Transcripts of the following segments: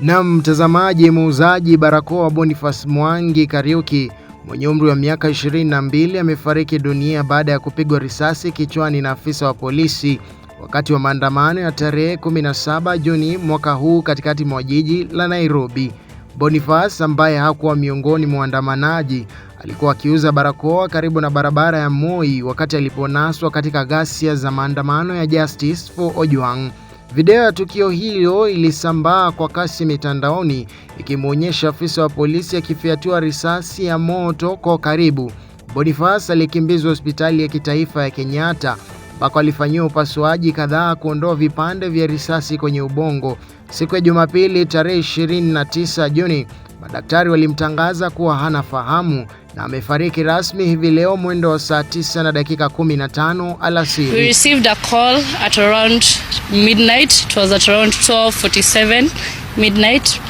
Na mtazamaji, muuzaji barakoa Boniface Mwangi Kariuki mwenye umri wa miaka 22 amefariki dunia baada ya kupigwa risasi kichwani na afisa wa polisi wakati wa maandamano ya tarehe 17 Juni mwaka huu katikati mwa jiji la Nairobi. Boniface ambaye hakuwa miongoni mwa waandamanaji alikuwa akiuza barakoa karibu na barabara ya Moi wakati aliponaswa katika ghasia za maandamano ya Justice for Ojwang. Video ya tukio hilo ilisambaa kwa kasi mitandaoni ikimwonyesha afisa wa polisi akifyatua risasi ya moto kwa karibu. Boniface alikimbizwa hospitali ya kitaifa ya Kenyatta ambako alifanyiwa upasuaji kadhaa kuondoa vipande vya risasi kwenye ubongo. Siku ya Jumapili tarehe 29 Juni, madaktari walimtangaza kuwa hana fahamu na amefariki rasmi hivi leo mwendo wa saa 9 na dakika 15 alasiri. We received a call at around midnight. It was at around 12:47 midnight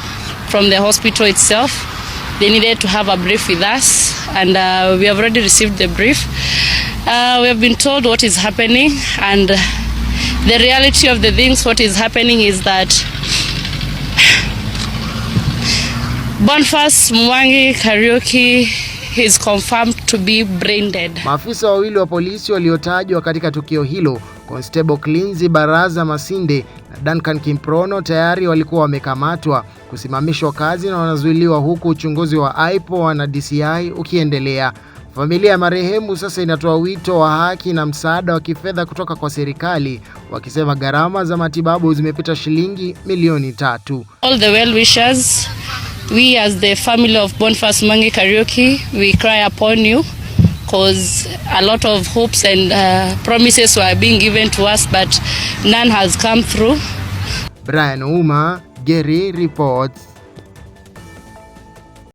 from the hospital itself. They needed to have a brief with us and uh, we have already received the brief. Uh, we have been told what is happening and the reality of the things what is happening is that Bonfas Mwangi Kariuki is confirmed to be brain dead. Maafisa wawili wa polisi waliotajwa katika tukio hilo, Constable Klinzi Baraza Masinde na Duncan Kimprono tayari walikuwa wamekamatwa, kusimamishwa kazi na wanazuiliwa huku uchunguzi wa IPOA na DCI ukiendelea. Familia ya marehemu sasa inatoa wito wa haki na msaada wa kifedha kutoka kwa serikali, wakisema gharama za matibabu zimepita shilingi milioni tatu. All the well wishers We as the family of bonfast Mange Karaoke, we cry upon you because a lot of hopes and uh, promises were being given to us but none has come through. Brian Uma, Geri reports.